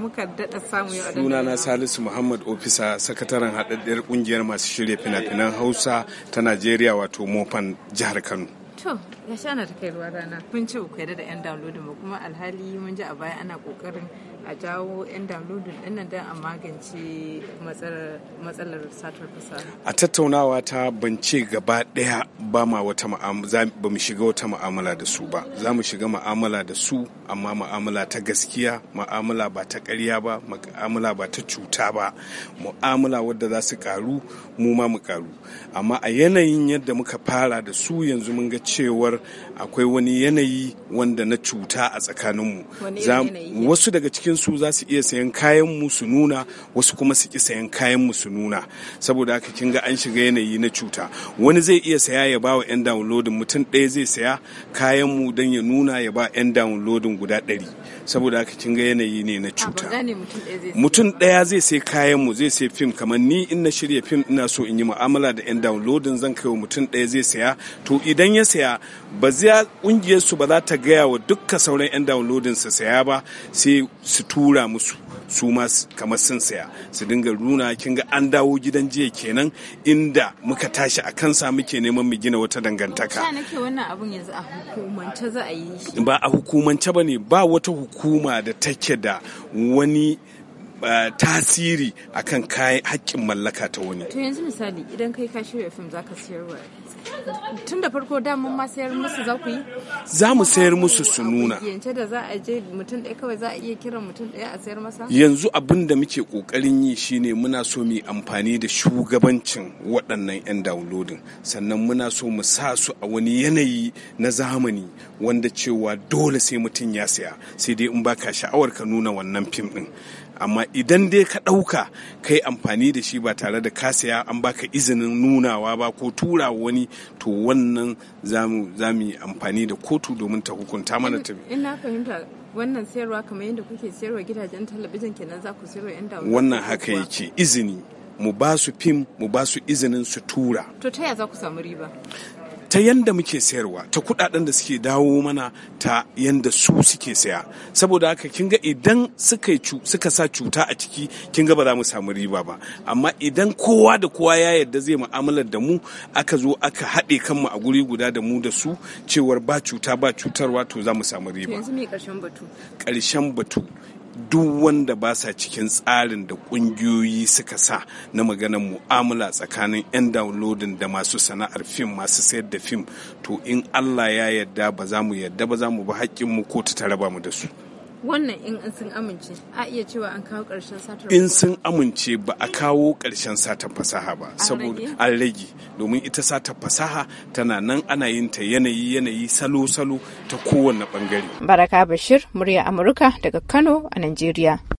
muka daɗa samu suna na salisu muhammad ofisa sakataren haɗaɗɗiyar ƙungiyar masu shirya fina-finan hausa ta najeriya wato mofan jihar kano To, ya sha na ta kai ruwa rana. Mun ce ku da 'yan downloading ba kuma alhali mun ji a baya ana kokarin a jawo 'yan downloading din nan don a magance matsalar satar fasaha. A tattaunawa ta bance gaba ɗaya ba ma wata ba mu shiga wata mu'amala da su ba. Za mu shiga mu'amala da su amma mu'amala ta gaskiya, mu'amala ba ta ƙarya ba, mu'amala ba ta cuta ba, mu'amala wadda za su ƙaru mu ma mu karu Amma a yanayin yadda muka fara da su yanzu mun ga cewar akwai wani yanayi wanda na cuta a tsakaninmu wasu daga cikinsu za su iya sayan kayan mu su nuna wasu kuma su ki sayan mu su nuna saboda haka kin ga an shiga yanayi na cuta wani zai iya saya ya ba wa 'yan downloadin mutum ɗaya zai saya kayan mu don ya nuna ya ba 'yan downloadin guda ɗari saboda haka kin ga yanayi ne na cuta mutum ɗaya zai sai mu zai sai fim kamar ni in na shirya fim ina so in yi mu'amala da 'yan downloadin zan kai wa mutum ɗaya zai saya to idan ya saya saya ba zai kungiyar ba za ta gaya wa dukka sauran 'yan downloading su saya ba sai su tura musu su ma kamar sun saya su dinga nuna kin ga an dawo gidan jiya kenan inda muka tashi a kansa muke neman mu gina wata dangantaka nake wannan a hukumance ba a bane ba wata hukuma da take da wani Uh, tasiri akan kayan hakkin mallaka ta wani. To yanzu misali idan kai ka shirya fim zaka siyarwa tun da farko ma sayar musu za ku yi za mu sayar musu su nuna yance da za a je mutum ɗaya kawai za a iya kiran mutum ɗaya a sayar masa yanzu abin da muke kokarin yi shine muna so mu amfani da shugabancin waɗannan yan downloading sannan muna so mu sa su a wani yanayi na zamani wanda cewa dole sai mutum ya saya sai dai in baka sha'awar ka nuna wannan fim ɗin amma idan dai ka ɗauka ka yi amfani da shi ba tare da ka an baka izinin nunawa ba ko tura wani to wannan za mu yi amfani da kotu domin ta hukunta mana ta fahimta wannan sayarwa kamar yadda kuke sayarwa gidajen talabijin kenan za ku sayarwa yan dawo wannan haka yake izini mu ba su fim mu ba su izinin su tura to ta ya za ku samu riba ta yanda muke sayarwa ta kudaden da suke dawo mana ta yanda su suke saya saboda haka kin ga idan suka suka sa cuta a ciki kin ga ba za mu samu riba ba amma idan kowa da kowa ya yarda zai mu'amalar da mu aka zo aka haɗe kanmu a guri guda da mu da su cewar ba cuta ba cutarwa to za mu samu riba yanzu me karshen batu karshen batu duk wanda ba sa cikin tsarin da kungiyoyi suka sa na maganar mu'amala tsakanin 'yan downloading da masu sana'ar fim masu sayar da fim to in allah ya yarda ba za mu yarda ba za mu bi mu ko ta raba mu da su wannan in an sun amince a iya cewa an kawo ƙarshen satar in sun amince ba a kawo ƙarshen satar fasaha ba saboda an rage domin ita satar fasaha tana nan ana yin ta yanayi yanayi salo salo ta kowane bangare baraka bashir murya amurka daga kano a najeriya